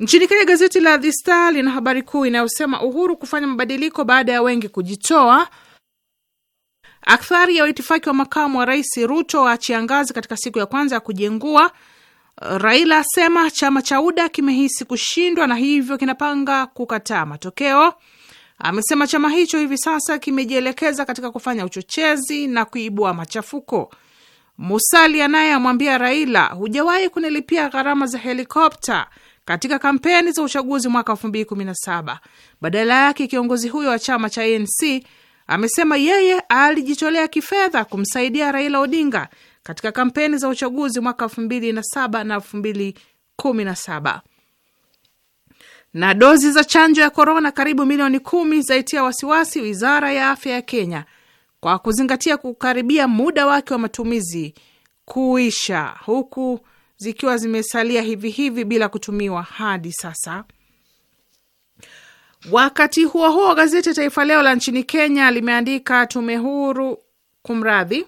Nchini Kenya, gazeti la The Star lina habari kuu inayosema Uhuru kufanya mabadiliko baada ya wengi kujitoa. Akthari ya waitifaki wa makamu wa rais Ruto waachia ngazi katika siku ya kwanza ya kujengua. Raila asema chama cha UDA kimehisi kushindwa na hivyo kinapanga kukataa matokeo. Amesema chama hicho hivi sasa kimejielekeza katika kufanya uchochezi na kuibua machafuko. Musalia naye amwambia Raila, hujawahi kunilipia gharama za helikopta katika kampeni za uchaguzi mwaka 217 Badala yake kiongozi huyo wa chama cha ANC amesema yeye alijitolea kifedha kumsaidia Raila Odinga katika kampeni za uchaguzi mwaka mbili na na kumi saba Na dozi za chanjo ya korona karibu milioni kumi zaitia wasiwasi wizara ya afya ya Kenya kwa kuzingatia kukaribia muda wake wa matumizi kuisha, huku zikiwa zimesalia hivi hivi bila kutumiwa hadi sasa. Wakati huo huo, gazeti Taifa Leo la nchini Kenya limeandika tume huru kumradhi.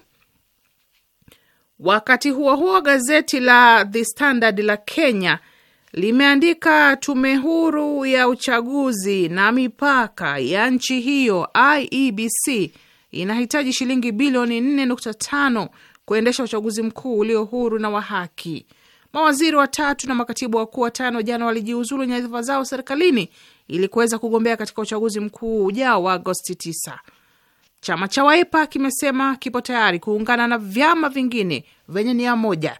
Wakati huo huo, gazeti la The Standard la Kenya limeandika tume huru ya uchaguzi na mipaka ya nchi hiyo IEBC inahitaji shilingi bilioni 4.5 kuendesha uchaguzi mkuu ulio huru na wa haki. Mawaziri watatu na makatibu wakuu watano jana walijiuzulu nyadhifa zao serikalini ili kuweza kugombea katika uchaguzi mkuu ujao wa Agosti 9. Chama cha Waipa kimesema kipo tayari kuungana na vyama vingine vyenye nia moja.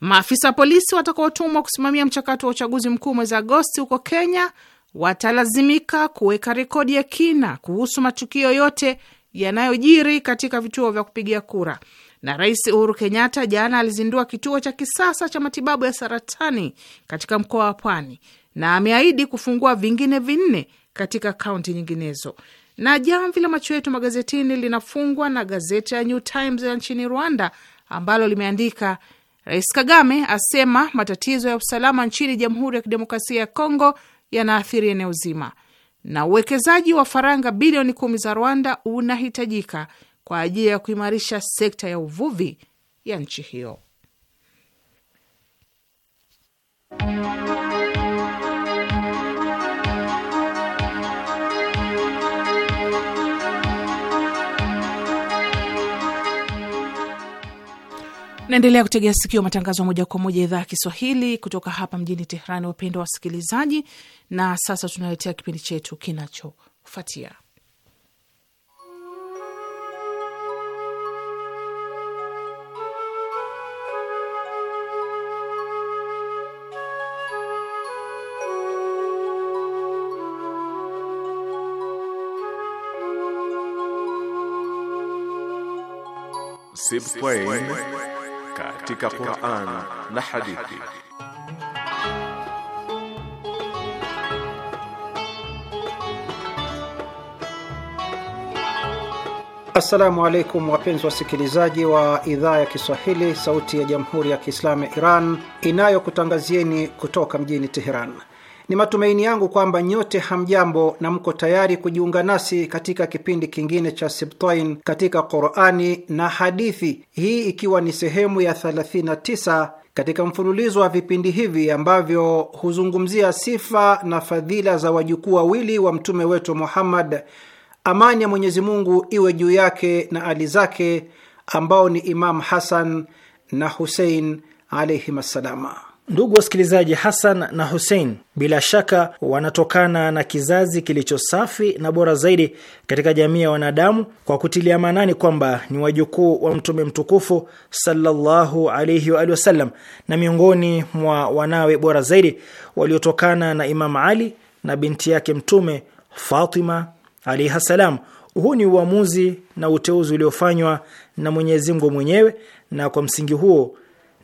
Maafisa polisi watakaotumwa kusimamia mchakato wa uchaguzi mkuu mwezi Agosti huko Kenya watalazimika kuweka rekodi ya kina kuhusu matukio yote yanayojiri katika vituo vya kupigia kura. Na Rais Uhuru Kenyatta jana alizindua kituo cha kisasa cha matibabu ya saratani katika mkoa wa Pwani na ameahidi kufungua vingine vinne katika kaunti nyinginezo. Na jamvi la macho yetu magazetini linafungwa na gazeti la New Times ya nchini Rwanda ambalo limeandika Rais Kagame asema matatizo ya usalama nchini Jamhuri ya Kidemokrasia ya Kongo yanaathiri eneo zima, na uwekezaji wa faranga bilioni kumi za Rwanda unahitajika kwa ajili ya kuimarisha sekta ya uvuvi ya nchi hiyo. Naendelea kutegea sikio matangazo moja kwa moja idhaa ya Kiswahili kutoka hapa mjini Tehrani, wapendwa wasikilizaji. Na sasa tunaletea kipindi chetu kinachofuatia Sip katika Qur'an na hadithi. Assalamu alaikum wapenzi wasikilizaji wa idhaa ya Kiswahili, sauti ya jamhuri ya kiislamu ya Iran inayokutangazieni kutoka mjini Teheran. Ni matumaini yangu kwamba nyote hamjambo na mko tayari kujiunga nasi katika kipindi kingine cha Sibtain katika Qurani na hadithi, hii ikiwa ni sehemu ya 39 katika mfululizo wa vipindi hivi ambavyo huzungumzia sifa na fadhila za wajukuu wawili wa mtume wetu Muhammad, amani ya Mwenyezi Mungu iwe juu yake na ali zake, ambao ni Imam Hasan na Husein alaihim assalama. Ndugu wasikilizaji, Hassan na Hussein bila shaka wanatokana na kizazi kilicho safi na bora zaidi katika jamii ya wanadamu, kwa kutilia maanani kwamba ni wajukuu wa Mtume mtukufu sallallahu alaihi waalihi wasallam, na miongoni mwa wanawe bora zaidi waliotokana na Imam Ali na binti yake Mtume Fatima alaihi ssalam Huu ni uamuzi na uteuzi uliofanywa na Mwenyezi Mungu mwenyewe, na kwa msingi huo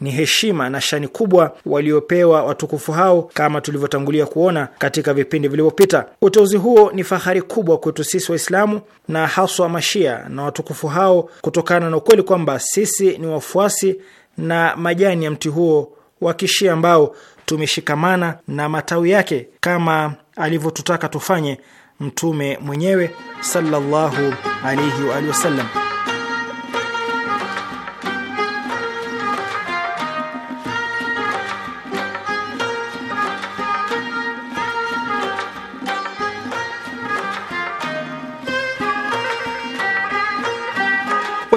ni heshima na shani kubwa waliopewa watukufu hao kama tulivyotangulia kuona katika vipindi vilivyopita. Uteuzi huo ni fahari kubwa kwetu sisi Waislamu na haswa Mashia na watukufu hao, kutokana na ukweli kwamba sisi ni wafuasi na majani ya mti huo wa Kishia ambao tumeshikamana na matawi yake kama alivyotutaka tufanye Mtume mwenyewe sallallahu alaihi wa alihi wasallam.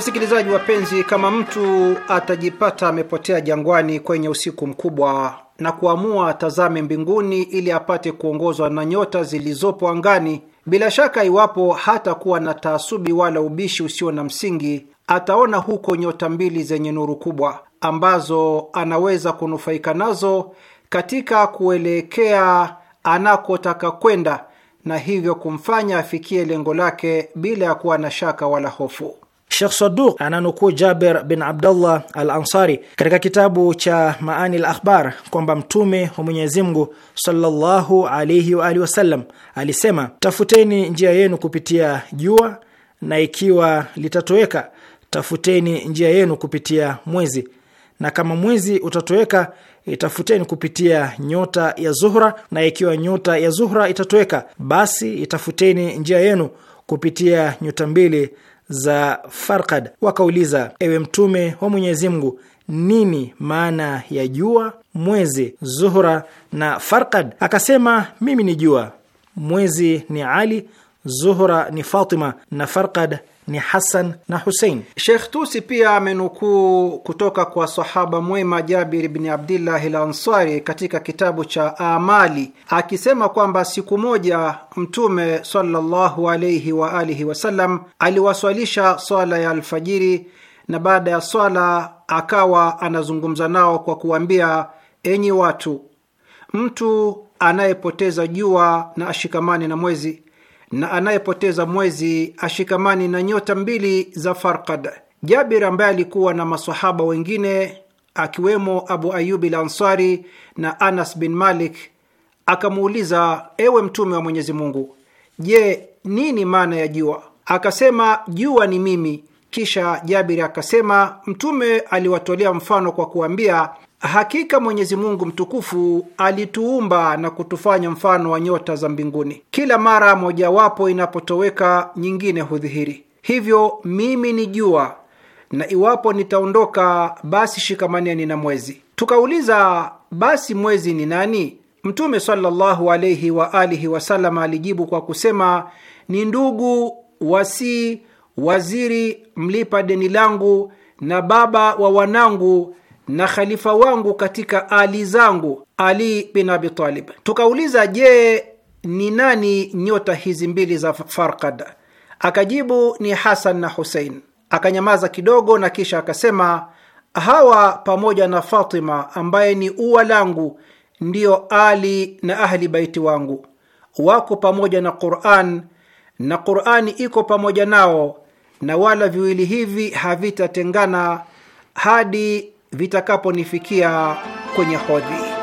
Wasikilizaji wapenzi, kama mtu atajipata amepotea jangwani kwenye usiku mkubwa na kuamua atazame mbinguni ili apate kuongozwa na nyota zilizopo angani, bila shaka, iwapo hatakuwa na taasubi wala ubishi usio na msingi, ataona huko nyota mbili zenye nuru kubwa ambazo anaweza kunufaika nazo katika kuelekea anakotaka kwenda na hivyo kumfanya afikie lengo lake bila ya kuwa na shaka wala hofu. Shekh Saduq ananukuu Jaber bin Abdullah al Ansari katika kitabu cha Maani al Akhbar kwamba Mtume wa Mwenyezi Mungu sallallahu alaihi wa alihi wasallam alisema, tafuteni njia yenu kupitia jua, na ikiwa litatoweka, tafuteni njia yenu kupitia mwezi, na kama mwezi utatoweka, itafuteni kupitia nyota ya Zuhra, na ikiwa nyota ya Zuhra itatoweka, basi itafuteni njia yenu kupitia nyota mbili za Farkad wakauliza, ewe Mtume wa Mwenyezi Mungu, nini maana ya jua, mwezi, Zuhura na Farkad? Akasema, mimi ni jua, mwezi ni Ali, Zuhura ni Fatima na Farkad ni Hasan na Husein. Shekh Tusi pia amenukuu kutoka kwa sahaba mwema Jabir Abdillah Abdillahi ansari katika kitabu cha Amali akisema kwamba siku moja Mtume sallallahu alaihi wasallam aliwaswalisha swala ya alfajiri, na baada ya swala akawa anazungumza nao kwa kuwambia enyi watu, mtu anayepoteza jua na ashikamane na mwezi na anayepoteza mwezi ashikamani na nyota mbili za Farkad. Jabir ambaye alikuwa na masahaba wengine akiwemo Abu Ayubi Lansari ansari na Anas bin Malik akamuuliza, ewe Mtume wa Mwenyezi Mungu, je, nini maana ya jua? Akasema, jua ni mimi. Kisha Jabiri akasema, Mtume aliwatolea mfano kwa kuambia, Hakika Mwenyezi Mungu mtukufu alituumba na kutufanya mfano wa nyota za mbinguni. Kila mara mojawapo inapotoweka, nyingine hudhihiri. Hivyo mimi ni jua, na iwapo nitaondoka, basi shikamaneni na mwezi. Tukauliza, basi mwezi ni nani? Mtume sallallahu alayhi wa alihi wasallam alijibu kwa kusema, ni ndugu, wasii, waziri, mlipa deni langu na baba wa wanangu na khalifa wangu katika ali zangu Ali bin Abi Talib. Tukauliza, je, ni nani nyota hizi mbili za Farkad? Akajibu, ni Hasan na Husein. Akanyamaza kidogo na kisha akasema, hawa pamoja na Fatima ambaye ni ua langu ndiyo Ali na ahli baiti wangu, wako pamoja na Quran na Qurani iko pamoja nao, na wala viwili hivi havitatengana hadi vitakaponifikia kwenye hodhi.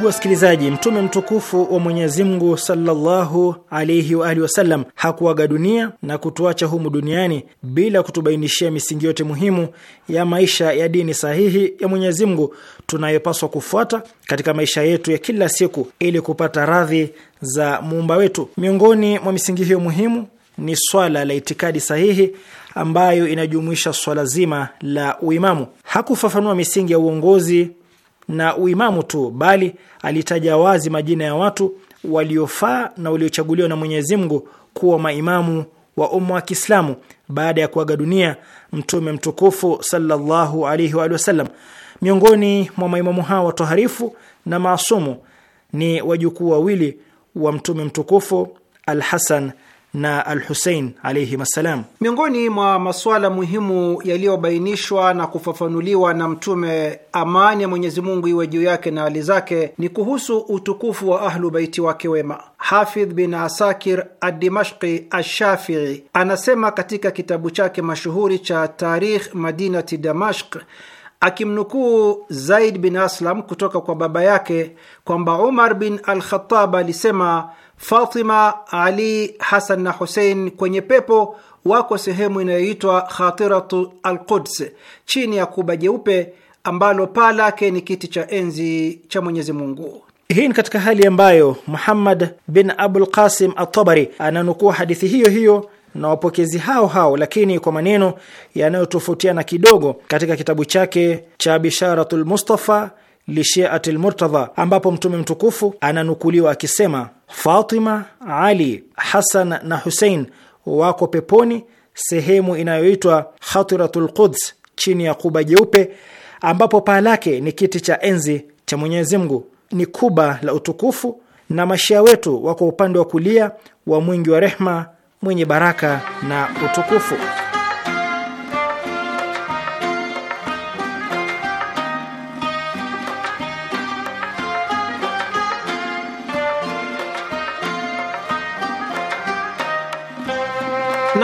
Ndugu wasikilizaji, mtume mtukufu wa Mwenyezi Mungu sallallahu alaihi wa alihi wasallam hakuaga dunia na kutuacha humu duniani bila kutubainishia misingi yote muhimu ya maisha ya dini sahihi ya Mwenyezi Mungu tunayopaswa kufuata katika maisha yetu ya kila siku ili kupata radhi za muumba wetu. Miongoni mwa misingi hiyo muhimu ni swala la itikadi sahihi ambayo inajumuisha swala zima la uimamu. Hakufafanua misingi ya uongozi na uimamu tu, bali alitaja wazi majina ya watu waliofaa na waliochaguliwa na Mwenyezi Mungu kuwa maimamu wa umma wa Kiislamu baada ya kuaga dunia Mtume mtukufu sallallahu alaihi wa sallam. Miongoni mwa maimamu hao watoharifu na maasumu ni wajukuu wawili wa Mtume mtukufu Al-Hasan na al Husein alaihim assalam. Miongoni mwa masuala muhimu yaliyobainishwa na kufafanuliwa na Mtume, amani ya Mwenyezi Mungu iwe juu yake na hali zake, ni kuhusu utukufu wa Ahlu Baiti wake wema. Hafidh bin Asakir Adimashqi Ashafii anasema katika kitabu chake mashuhuri cha Tarikh Madinati Damashq akimnukuu Zaid bin Aslam kutoka kwa baba yake kwamba Umar bin Alkhatab alisema Fatima, Ali, Hasan na Husein kwenye pepo wako sehemu inayoitwa Khatiratu Alquds chini ya kuba jeupe ambalo paa lake ni kiti cha enzi cha Mwenyezi Mungu. Hii ni katika hali ambayo Muhammad bin Abul Qasim At-Tabari ananukua hadithi hiyo hiyo na wapokezi hao hao lakini kwa maneno yanayotofautiana kidogo katika kitabu chake cha Bisharatul Mustafa lishiati lmurtadha ambapo mtume mtukufu ananukuliwa akisema, Fatima, Ali, Hasan na Husein wako peponi sehemu inayoitwa Khatiratu lquds, chini ya kuba jeupe ambapo paa lake ni kiti cha enzi cha Mwenyezi Mungu. Ni kuba la utukufu, na mashia wetu wako upande wa kulia wa mwingi wa rehma, mwenye baraka na utukufu.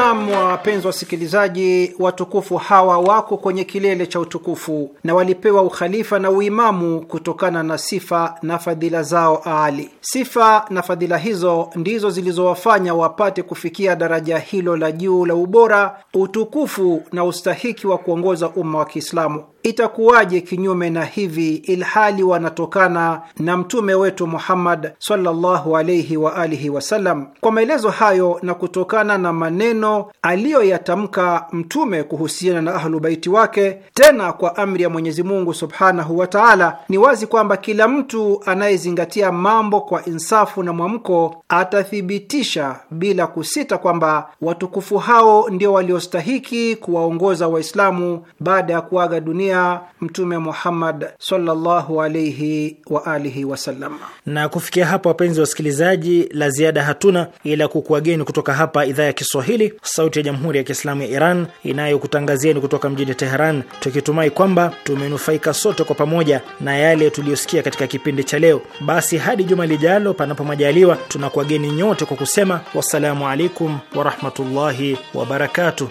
Naam, wapenzi wasikilizaji, watukufu hawa wako kwenye kilele cha utukufu na walipewa ukhalifa na uimamu kutokana na sifa na fadhila zao aali. Sifa na fadhila hizo ndizo zilizowafanya wapate kufikia daraja hilo la juu la ubora, utukufu na ustahiki wa kuongoza umma wa Kiislamu itakuwaje kinyume na hivi, ilhali wanatokana na mtume wetu Muhammad sallallahu alayhi wa alihi wasallam? Kwa maelezo hayo na kutokana na maneno aliyoyatamka mtume kuhusiana na ahlubaiti wake, tena kwa amri ya Mwenyezi Mungu subhanahu wa taala, ni wazi kwamba kila mtu anayezingatia mambo kwa insafu na mwamko atathibitisha bila kusita kwamba watukufu hao ndio waliostahiki kuwaongoza Waislamu baada ya kuaga dunia kumtumia Mtume Muhammad sallallahu alaihi wa alihi wasallam. Na kufikia hapa, wapenzi wa wasikilizaji, la ziada hatuna ila kukuageni kutoka hapa idhaa ya Kiswahili, Sauti ya Jamhuri ya Kiislamu ya Iran inayokutangazieni kutoka mjini Teheran, tukitumai kwamba tumenufaika sote kwa pamoja na yale tuliyosikia katika kipindi cha leo. Basi hadi juma lijalo, panapo majaliwa, tunakuageni nyote kwa kusema wassalamu alaikum warahmatullahi wabarakatuh.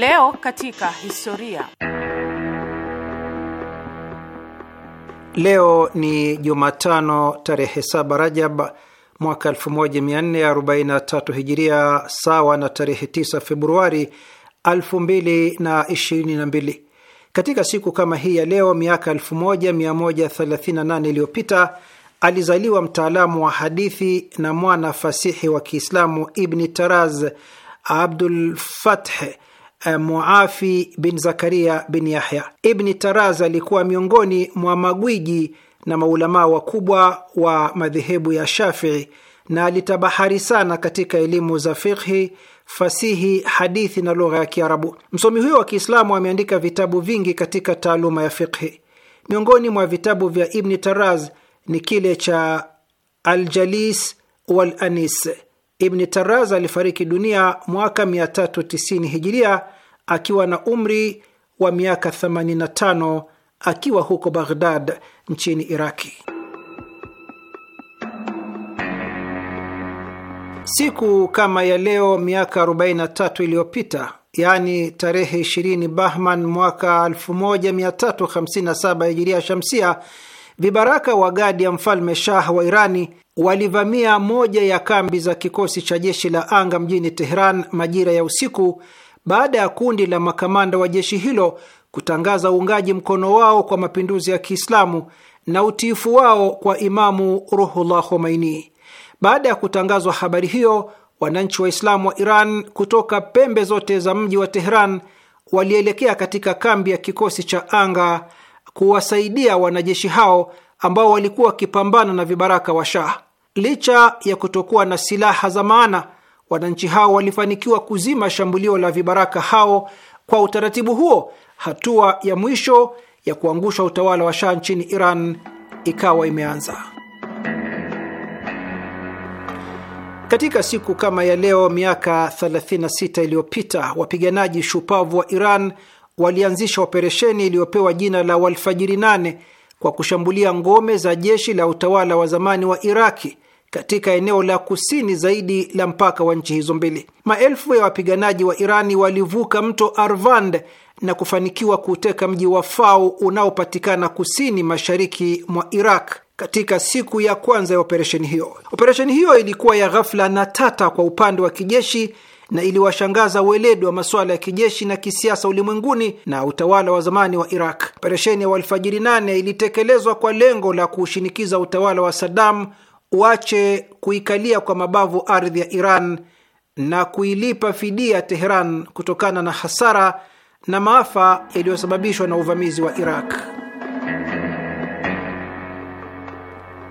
Leo katika historia. Leo ni Jumatano tarehe 7 Rajab mwaka 1443 Hijiria, sawa na tarehe 9 Februari 2022. Katika siku kama hii ya leo miaka 1138 iliyopita alizaliwa mtaalamu wa hadithi na mwana fasihi wa Kiislamu Ibni Taraz Abdul Fath Eh, Muafi bin Zakaria bin Yahya. Ibni Taraz alikuwa miongoni mwa magwiji na maulamaa wakubwa wa madhehebu ya Shafii na alitabahari sana katika elimu za fikhi, fasihi, hadithi na lugha ya Kiarabu. Msomi huyo wa Kiislamu ameandika vitabu vingi katika taaluma ya fikhi. Miongoni mwa vitabu vya Ibni Taraz ni kile cha Aljalis wal Anis. Ibni taraz alifariki dunia mwaka 390 hijiria akiwa na umri wa miaka 85 akiwa huko Baghdad nchini Iraki. Siku kama ya leo miaka 43 iliyopita, yaani tarehe 20 Bahman mwaka 1357 hijiria shamsia Vibaraka wa gadi ya mfalme Shah wa Irani walivamia moja ya kambi za kikosi cha jeshi la anga mjini Teheran majira ya usiku baada ya kundi la makamanda wa jeshi hilo kutangaza uungaji mkono wao kwa mapinduzi ya Kiislamu na utiifu wao kwa Imamu Ruhullah Khomeini. Baada ya kutangazwa habari hiyo, wananchi Waislamu wa Iran kutoka pembe zote za mji wa Teheran walielekea katika kambi ya kikosi cha anga kuwasaidia wanajeshi hao ambao walikuwa wakipambana na vibaraka wa Shah. Licha ya kutokuwa na silaha za maana, wananchi hao walifanikiwa kuzima shambulio la vibaraka hao. Kwa utaratibu huo, hatua ya mwisho ya kuangusha utawala wa Shah nchini Iran ikawa imeanza. Katika siku kama ya leo miaka 36 iliyopita, wapiganaji shupavu wa Iran walianzisha operesheni iliyopewa jina la Walfajiri nane kwa kushambulia ngome za jeshi la utawala wa zamani wa Iraki katika eneo la kusini zaidi la mpaka wa nchi hizo mbili. Maelfu ya wapiganaji wa Irani walivuka mto Arvand na kufanikiwa kuuteka mji wa Fau unaopatikana kusini mashariki mwa Iraq katika siku ya kwanza ya operesheni hiyo. Operesheni hiyo ilikuwa ya ghafla na tata kwa upande wa kijeshi na iliwashangaza ueledi wa masuala ya kijeshi na kisiasa ulimwenguni na utawala wa zamani wa Iraq. Operesheni ya Walfajiri 8 ilitekelezwa kwa lengo la kuushinikiza utawala wa Saddam uache kuikalia kwa mabavu ardhi ya Iran na kuilipa fidia Teheran kutokana na hasara na maafa yaliyosababishwa na uvamizi wa Iraq.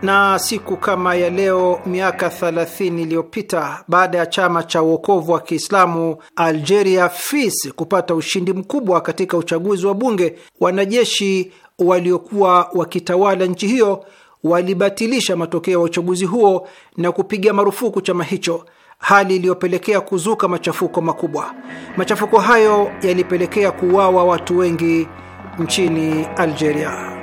Na siku kama ya leo miaka 30 iliyopita, baada ya chama cha uokovu wa Kiislamu Algeria FIS kupata ushindi mkubwa katika uchaguzi wa bunge, wanajeshi waliokuwa wakitawala nchi hiyo walibatilisha matokeo ya uchaguzi huo na kupiga marufuku chama hicho, hali iliyopelekea kuzuka machafuko makubwa. Machafuko hayo yalipelekea kuuawa watu wengi nchini Algeria.